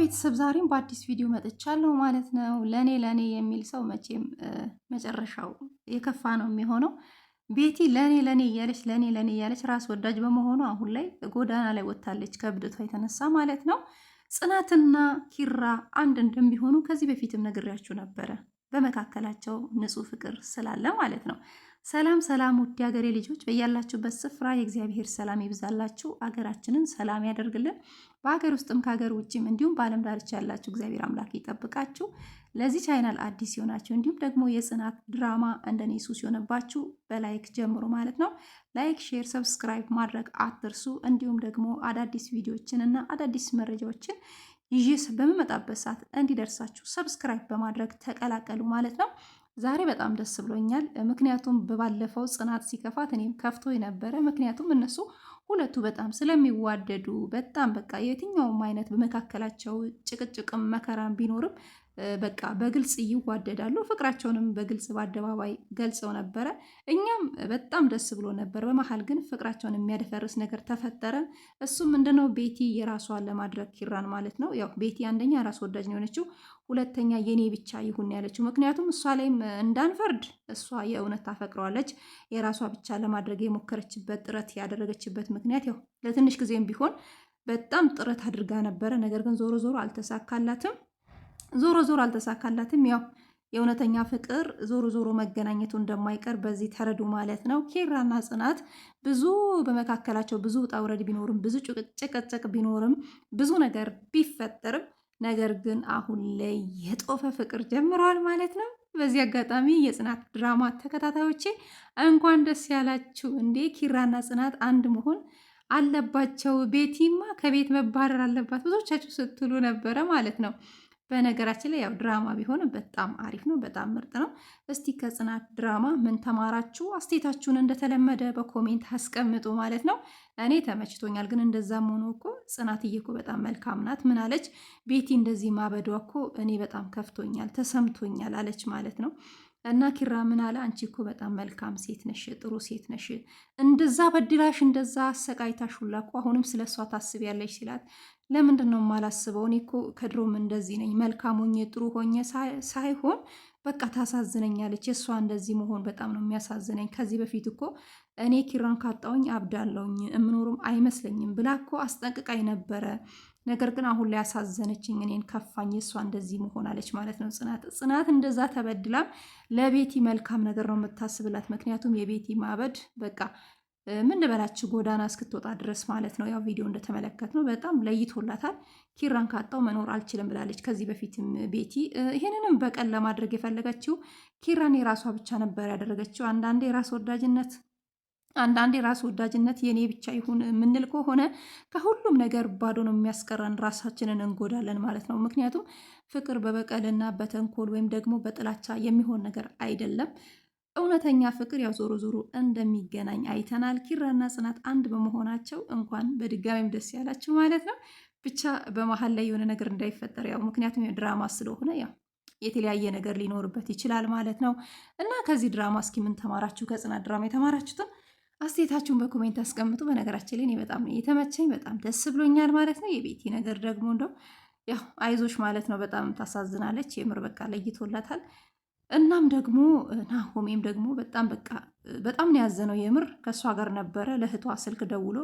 ቤተሰብ ዛሬም በአዲስ ቪዲዮ መጥቻለሁ ማለት ነው። ለእኔ ለእኔ የሚል ሰው መቼም መጨረሻው የከፋ ነው የሚሆነው። ቤቲ ለእኔ ለእኔ እያለች ለእኔ ለእኔ እያለች ራስ ወዳጅ በመሆኑ አሁን ላይ ጎዳና ላይ ወጥታለች፣ ከብድቷ የተነሳ ማለት ነው። ጽናትና ኪራ አንድ እንደሚሆኑ ከዚህ በፊትም ነግሬያችሁ ነበረ፣ በመካከላቸው ንጹህ ፍቅር ስላለ ማለት ነው። ሰላም ሰላም፣ ውድ ሀገሬ ልጆች በያላችሁበት ስፍራ የእግዚአብሔር ሰላም ይብዛላችሁ፣ አገራችንን ሰላም ያደርግልን። በሀገር ውስጥም ከሀገር ውጭም እንዲሁም በዓለም ዳርቻ ያላችሁ እግዚአብሔር አምላክ ይጠብቃችሁ። ለዚህ ቻይናል አዲስ ሲሆናችሁ እንዲሁም ደግሞ የጽናት ድራማ እንደኔ ሱ ሲሆንባችሁ በላይክ ጀምሮ ማለት ነው። ላይክ፣ ሼር፣ ሰብስክራይብ ማድረግ አትርሱ። እንዲሁም ደግሞ አዳዲስ ቪዲዮዎችን እና አዳዲስ መረጃዎችን ይዤ በምመጣበት ሰዓት እንዲደርሳችሁ ሰብስክራይብ በማድረግ ተቀላቀሉ ማለት ነው። ዛሬ በጣም ደስ ብሎኛል። ምክንያቱም በባለፈው ጽናት ሲከፋት እኔም ከፍቶ ነበረ። ምክንያቱም እነሱ ሁለቱ በጣም ስለሚዋደዱ በጣም በቃ የትኛውም አይነት በመካከላቸው ጭቅጭቅም መከራም ቢኖርም በቃ በግልጽ ይዋደዳሉ። ፍቅራቸውንም በግልጽ በአደባባይ ገልጸው ነበረ። እኛም በጣም ደስ ብሎ ነበር። በመሀል ግን ፍቅራቸውን የሚያደፈርስ ነገር ተፈጠረ። እሱም ምንድነው ቤቲ የራሷን ለማድረግ ኪራን ማለት ነው። ያው ቤቲ አንደኛ ራስ ወዳጅ ነው የሆነችው፣ ሁለተኛ የኔ ብቻ ይሁን ያለችው። ምክንያቱም እሷ ላይም እንዳንፈርድ እሷ የእውነት ታፈቅረዋለች። የራሷ ብቻ ለማድረግ የሞከረችበት ጥረት ያደረገችበት ምክንያት ያው ለትንሽ ጊዜም ቢሆን በጣም ጥረት አድርጋ ነበረ። ነገር ግን ዞሮ ዞሮ አልተሳካላትም። ዞሮ ዞሮ አልተሳካላትም። ያው የእውነተኛ ፍቅር ዞሮ ዞሮ መገናኘቱ እንደማይቀር በዚህ ተረዱ ማለት ነው። ኬራና ጽናት ብዙ በመካከላቸው ብዙ ውጣ ውረድ ቢኖርም ብዙ ጭቅጭቅ ቢኖርም ብዙ ነገር ቢፈጠርም ነገር ግን አሁን ላይ የጦፈ ፍቅር ጀምረዋል ማለት ነው። በዚህ አጋጣሚ የጽናት ድራማ ተከታታዮቼ እንኳን ደስ ያላችሁ። እንዴ ኪራና ጽናት አንድ መሆን አለባቸው። ቤቲማ ከቤት መባረር አለባት ብዙዎቻችሁ ስትሉ ነበረ ማለት ነው። በነገራችን ላይ ያው ድራማ ቢሆንም በጣም አሪፍ ነው፣ በጣም ምርጥ ነው። እስቲ ከጽናት ድራማ ምን ተማራችሁ? አስቴታችሁን እንደተለመደ በኮሜንት አስቀምጡ ማለት ነው። እኔ ተመችቶኛል። ግን እንደዛም ሆኖ እኮ ጽናትዬ እኮ በጣም መልካም ናት። ምን አለች? ቤቲ እንደዚህ ማበዷ እኮ እኔ በጣም ከፍቶኛል፣ ተሰምቶኛል አለች ማለት ነው። እና ኪራ ምን አለ? አንቺ እኮ በጣም መልካም ሴት ነሽ፣ ጥሩ ሴት ነሽ። እንደዛ በድላሽ፣ እንደዛ አሰቃይታሽ ሁላ እኮ አሁንም ስለ እሷ ታስቢያለሽ ሲላት ለምንድን ነው የማላስበው? እኔ እኮ ከድሮም እንደዚህ ነኝ። መልካም ሆኜ ጥሩ ሆኜ ሳይሆን በቃ ታሳዝነኛለች። እሷ እንደዚህ መሆን በጣም ነው የሚያሳዝነኝ። ከዚህ በፊት እኮ እኔ ኪራን ካጣውኝ አብዳለውኝ እምኖርም አይመስለኝም ብላ እኮ አስጠንቅቃኝ ነበረ ነገር ግን አሁን ላይ ያሳዘነችኝ እኔን ከፋኝ፣ እሷ እንደዚህ መሆናለች ማለት ነው። ጽናት ጽናት እንደዛ ተበድላም ለቤቲ መልካም ነገር ነው የምታስብላት። ምክንያቱም የቤቲ ማበድ በቃ ምን በላችሁ ጎዳና እስክትወጣ ድረስ ማለት ነው። ያው ቪዲዮ እንደተመለከት ነው በጣም ለይቶላታል። ኪራን ካጣው መኖር አልችልም ብላለች። ከዚህ በፊትም ቤቲ ይህንንም በቀን ለማድረግ የፈለገችው ኪራን የራሷ ብቻ ነበር ያደረገችው። አንዳንዴ የራስ ወዳጅነት አንዳንዴ ራስ ወዳጅነት የኔ ብቻ ይሁን የምንል ከሆነ ከሁሉም ነገር ባዶ ነው የሚያስቀረን፣ ራሳችንን እንጎዳለን ማለት ነው። ምክንያቱም ፍቅር በበቀልና በተንኮል ወይም ደግሞ በጥላቻ የሚሆን ነገር አይደለም። እውነተኛ ፍቅር ያው ዞሮ ዞሮ እንደሚገናኝ አይተናል። ኪራና ጽናት አንድ በመሆናቸው እንኳን በድጋሚም ደስ ያላችሁ ማለት ነው። ብቻ በመሀል ላይ የሆነ ነገር እንዳይፈጠር ያው ምክንያቱም ድራማ ስለሆነ ያው የተለያየ ነገር ሊኖርበት ይችላል ማለት ነው። እና ከዚህ ድራማ እስኪ ምን ተማራችሁ? ከጽናት ድራማ የተማራችሁትን አስተያየታችሁን በኮሜንት አስቀምጡ። በነገራችን ላይ እኔ በጣም ነው የተመቸኝ፣ በጣም ደስ ብሎኛል ማለት ነው። የቤቲ ነገር ደግሞ እንደው ያው አይዞሽ ማለት ነው። በጣም ታሳዝናለች የምር በቃ ለይቶላታል። እናም ደግሞ ናሆሜም ደግሞ በጣም በቃ በጣም ነው ያዘነው የምር። ከእሷ ጋር ነበረ ለእህቷ ስልክ ደውሎ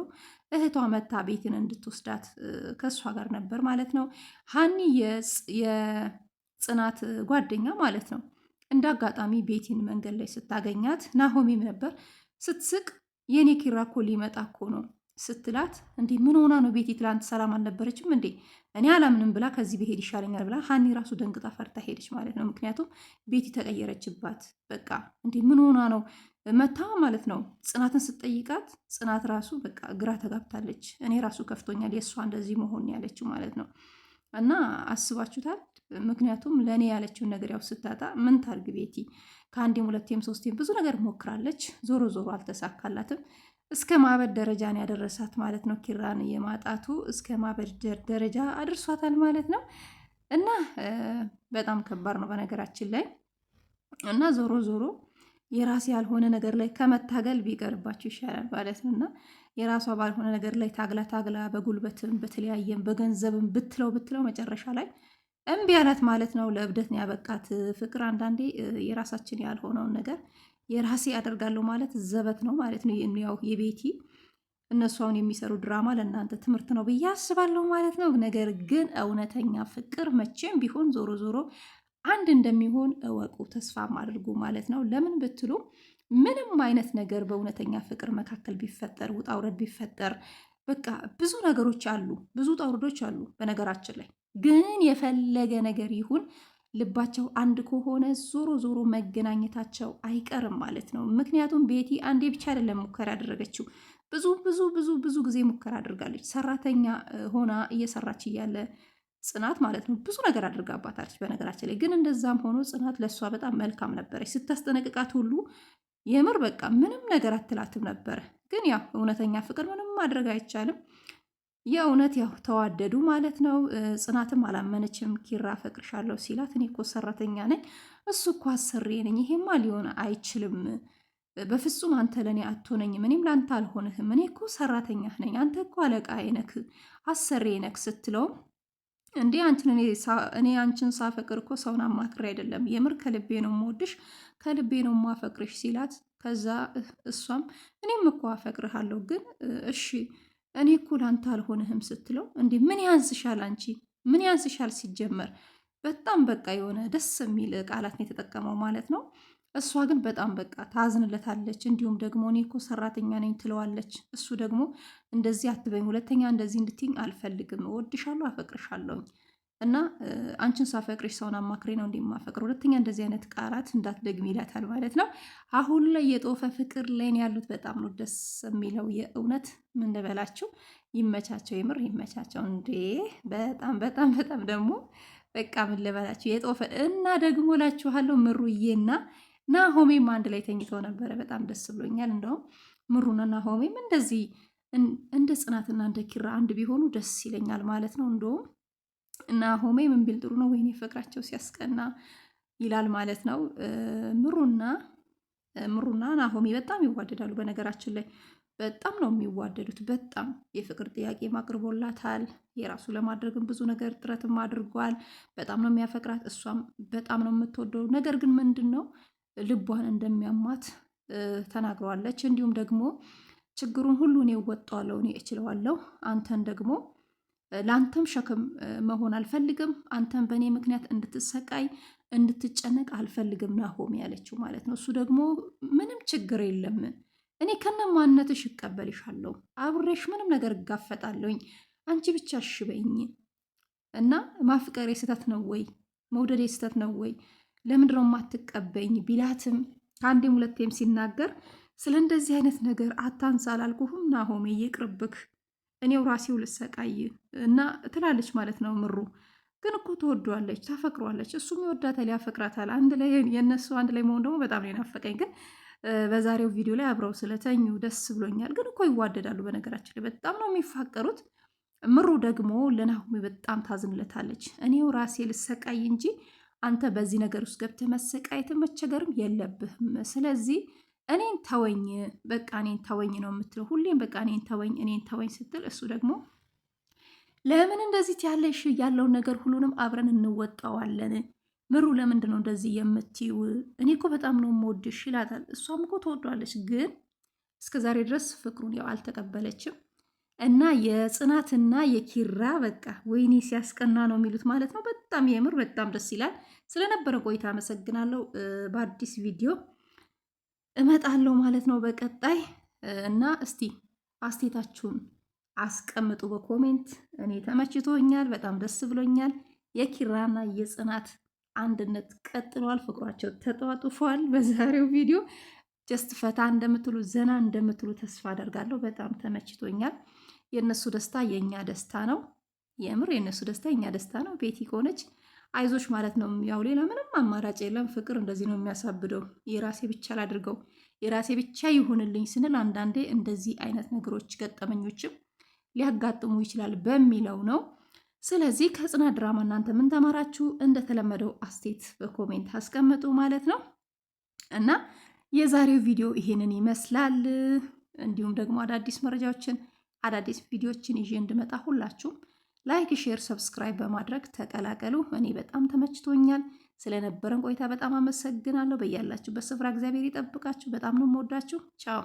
እህቷ መታ ቤትን እንድትወስዳት ከእሷ ጋር ነበር ማለት ነው። ሀኒ የጽናት ጓደኛ ማለት ነው። እንደ አጋጣሚ ቤቲን መንገድ ላይ ስታገኛት ናሆሜም ነበር ስትስቅ የእኔ ኪራ እኮ ሊመጣ እኮ ነው ስትላት፣ እንዴ ምን ሆና ነው ቤቲ? ትላንት ሰላም አልነበረችም እንዴ? እኔ አላምንም ብላ ከዚህ ብሄድ ይሻለኛል ብላ ሀኒ ራሱ ደንግጣ ፈርታ ሄደች ማለት ነው። ምክንያቱም ቤቲ ተቀየረችባት። በቃ እንዴ ምን ሆና ነው መታ ማለት ነው። ጽናትን ስትጠይቃት ጽናት ራሱ በቃ ግራ ተጋብታለች። እኔ ራሱ ከፍቶኛል የእሷ እንደዚህ መሆን ያለችው ማለት ነው። እና አስባችሁታል ምክንያቱም ለእኔ ያለችውን ነገር ያው ስታጣ ምን ታርግ ቤቲ ከአንዴም ሁለቴም ሶስቴም ብዙ ነገር ሞክራለች። ዞሮ ዞሮ አልተሳካላትም። እስከ ማበድ ደረጃን ያደረሳት ማለት ነው። ኪራን የማጣቱ እስከ ማበድ ደረጃ አድርሷታል ማለት ነው። እና በጣም ከባድ ነው በነገራችን ላይ እና ዞሮ ዞሮ የራስ ያልሆነ ነገር ላይ ከመታገል ቢቀርባቸው ይሻላል ማለት ነው። እና የራሷ ባልሆነ ነገር ላይ ታግላ ታግላ በጉልበትም በተለያየም በገንዘብም ብትለው ብትለው መጨረሻ ላይ እምቢ አላት ማለት ነው። ለእብደት ነው ያበቃት። ፍቅር አንዳንዴ የራሳችን ያልሆነውን ነገር የራሴ ያደርጋለሁ ማለት ዘበት ነው ማለት ነው። ያው የቤቲ እነሱ አሁን የሚሰሩ ድራማ ለእናንተ ትምህርት ነው ብዬ አስባለሁ ማለት ነው። ነገር ግን እውነተኛ ፍቅር መቼም ቢሆን ዞሮ ዞሮ አንድ እንደሚሆን እወቁ፣ ተስፋም አድርጉ ማለት ነው። ለምን ብትሉ ምንም አይነት ነገር በእውነተኛ ፍቅር መካከል ቢፈጠር ውጣ ውረድ ቢፈጠር፣ በቃ ብዙ ነገሮች አሉ፣ ብዙ ውጣ ውረዶች አሉ በነገራችን ላይ ግን የፈለገ ነገር ይሁን ልባቸው አንድ ከሆነ ዞሮ ዞሮ መገናኘታቸው አይቀርም ማለት ነው። ምክንያቱም ቤቲ አንዴ ብቻ አይደለም ሙከራ ያደረገችው ብዙ ብዙ ብዙ ብዙ ጊዜ ሙከራ አድርጋለች። ሰራተኛ ሆና እየሰራች እያለ ጽናት ማለት ነው ብዙ ነገር አድርጋባታለች። በነገራችን ላይ ግን እንደዛም ሆኖ ጽናት ለእሷ በጣም መልካም ነበረች። ስታስጠነቅቃት ሁሉ የምር በቃ ምንም ነገር አትላትም ነበረ። ግን ያው እውነተኛ ፍቅር ምንም ማድረግ አይቻልም። የእውነት ያው ተዋደዱ ማለት ነው። ጽናትም አላመነችም። ኪራ ፈቅርሻለሁ ሲላት እኔ እኮ ሰራተኛ ነኝ፣ እሱ እኮ አሰሪ ነኝ፣ ይሄማ ሊሆን አይችልም፣ በፍጹም አንተ ለእኔ አትሆነኝም፣ እኔም ለአንተ አልሆንህም፣ እኔ እኮ ሰራተኛ ነኝ፣ አንተ እኮ አለቃ አይነክ አሰሪ ነክ ስትለውም እንዴ አንቺን እኔ አንቺን ሳፈቅር እኮ ሰውን አማክሬ አይደለም፣ የምር ከልቤ ነው የምወድሽ፣ ከልቤ ነው የማፈቅርሽ ሲላት ከዛ እሷም እኔም እኮ አፈቅርሃለሁ ግን እሺ እኔ እኮ ለአንተ አልሆንህም ስትለው እንዴ ምን ያንስሻል አንቺ ምን ያንስሻል ሲጀመር በጣም በቃ የሆነ ደስ የሚል ቃላት ነው የተጠቀመው ማለት ነው። እሷ ግን በጣም በቃ ታዝንለታለች። እንዲሁም ደግሞ እኔ እኮ ሰራተኛ ነኝ ትለዋለች። እሱ ደግሞ እንደዚህ አትበኝ፣ ሁለተኛ እንደዚህ እንድትኝ አልፈልግም፣ እወድሻለሁ፣ አፈቅርሻለሁኝ እና አንቺን ሳፈቅርሽ ሰውን አማክሬ ነው እንዲማፈቅር ሁለተኛ እንደዚህ አይነት ቃላት እንዳትደግሚ ይላታል ማለት ነው። አሁን ላይ የጦፈ ፍቅር ላይን ያሉት። በጣም ነው ደስ የሚለው የእውነት ምን ልበላችሁ። ይመቻቸው፣ የምር ይመቻቸው። እንዴ በጣም በጣም በጣም ደግሞ በቃ ምን ልበላችሁ የጦፈ እና ደግሞ ላችኋለሁ ምሩዬና ናሆሜም አንድ ላይ ተኝተው ነበረ። በጣም ደስ ብሎኛል። እንደውም ምሩና ናሆሜም እንደዚህ እንደ ጽናትና እንደ ኪራ አንድ ቢሆኑ ደስ ይለኛል ማለት ነው እንደውም እና ሆሜ ምን ቢል ጥሩ ነው? ወይኔ ፍቅራቸው ሲያስቀና ይላል ማለት ነው። ምሩና ምሩና ናሆሜ በጣም ይዋደዳሉ። በነገራችን ላይ በጣም ነው የሚዋደዱት። በጣም የፍቅር ጥያቄ አቅርቦላታል። የራሱ ለማድረግም ብዙ ነገር ጥረትም አድርጓል። በጣም ነው የሚያፈቅራት፣ እሷም በጣም ነው የምትወደው። ነገር ግን ምንድን ነው ልቧን እንደሚያማት ተናግረዋለች። እንዲሁም ደግሞ ችግሩን ሁሉ እኔ እወጣዋለሁ፣ እኔ እችለዋለሁ፣ አንተን ደግሞ ለአንተም ሸክም መሆን አልፈልግም። አንተም በእኔ ምክንያት እንድትሰቃይ እንድትጨነቅ አልፈልግም ናሆም ያለችው ማለት ነው። እሱ ደግሞ ምንም ችግር የለም እኔ ከነ ከነማንነትሽ እቀበልሻለሁ፣ አብሬሽ ምንም ነገር እጋፈጣለሁኝ፣ አንቺ ብቻ እሺ በይኝ እና ማፍቀሬ ስህተት ነው ወይ መውደዴ ስህተት ነው ወይ ለምንድን ነው የማትቀበኝ ቢላትም ከአንዴም ሁለቴም ሲናገር ስለ እንደዚህ አይነት ነገር አታንሳ አላልኩህም ናሆሜ ይቅርብክ እኔው ራሴው ልሰቃይ እና ትላለች ማለት ነው ምሩ ግን እኮ ትወዷለች፣ ታፈቅሯለች፣ እሱም ይወዳታል፣ ያፈቅራታል። አንድ ላይ የእነሱ አንድ ላይ መሆን ደግሞ በጣም ነው የናፈቀኝ። ግን በዛሬው ቪዲዮ ላይ አብረው ስለተኙ ደስ ብሎኛል። ግን እኮ ይዋደዳሉ። በነገራችን ላይ በጣም ነው የሚፋቀሩት። ምሩ ደግሞ ለናሁሜ በጣም ታዝንለታለች። እኔው ራሴ ልሰቃይ እንጂ አንተ በዚህ ነገር ውስጥ ገብተህ መሰቃየትን መቸገርም የለብህም። ስለዚህ እኔን ተወኝ በቃ እኔን ተወኝ ነው የምትለው። ሁሌም በቃ እኔን ተወኝ እኔን ተወኝ ስትል እሱ ደግሞ ለምን እንደዚህ ያለሽ ያለውን ነገር ሁሉንም አብረን እንወጣዋለን። ምሩ ለምንድን ነው እንደዚህ የምትይው? እኔ እኮ በጣም ነው የምወድሽ ይላታል። እሷም እኮ ተወዷለች፣ ግን እስከዛሬ ድረስ ፍቅሩን ያው አልተቀበለችም። እና የጽናትና የኪራ በቃ ወይኔ ሲያስቀና ነው የሚሉት ማለት ነው። በጣም የምር በጣም ደስ ይላል። ስለነበረ ቆይታ አመሰግናለሁ። በአዲስ ቪዲዮ እመጣለሁ ማለት ነው በቀጣይ እና እስቲ አስቴታችሁን አስቀምጡ በኮሜንት። እኔ ተመችቶኛል፣ በጣም ደስ ብሎኛል። የኪራና የጽናት አንድነት ቀጥሏል፣ ፍቅሯቸው ተጧጡፏል። በዛሬው ቪዲዮ ጀስት ፈታ እንደምትሉ ዘና እንደምትሉ ተስፋ አደርጋለሁ። በጣም ተመችቶኛል። የእነሱ ደስታ የእኛ ደስታ ነው። የምር የእነሱ ደስታ የእኛ ደስታ ነው። ቤቲ ከሆነች አይዞች ማለት ነው። ያው ሌላ ምንም አማራጭ የለም። ፍቅር እንደዚህ ነው የሚያሳብደው። የራሴ ብቻ ላድርገው፣ የራሴ ብቻ ይሁንልኝ ስንል አንዳንዴ እንደዚህ አይነት ነገሮች ገጠመኞችም ሊያጋጥሙ ይችላል በሚለው ነው። ስለዚህ ከጽናት ድራማ እናንተ ምን ተማራችሁ? እንደተለመደው አስቴት በኮሜንት አስቀምጡ ማለት ነው እና የዛሬው ቪዲዮ ይሄንን ይመስላል። እንዲሁም ደግሞ አዳዲስ መረጃዎችን አዳዲስ ቪዲዮዎችን ይዤ እንድመጣ ሁላችሁም ላይክ፣ ሼር፣ ሰብስክራይብ በማድረግ ተቀላቀሉ። እኔ በጣም ተመችቶኛል። ስለነበረን ቆይታ በጣም አመሰግናለሁ። በያላችሁበት ስፍራ እግዚአብሔር ይጠብቃችሁ። በጣም ነው የምወዳችሁ። ቻው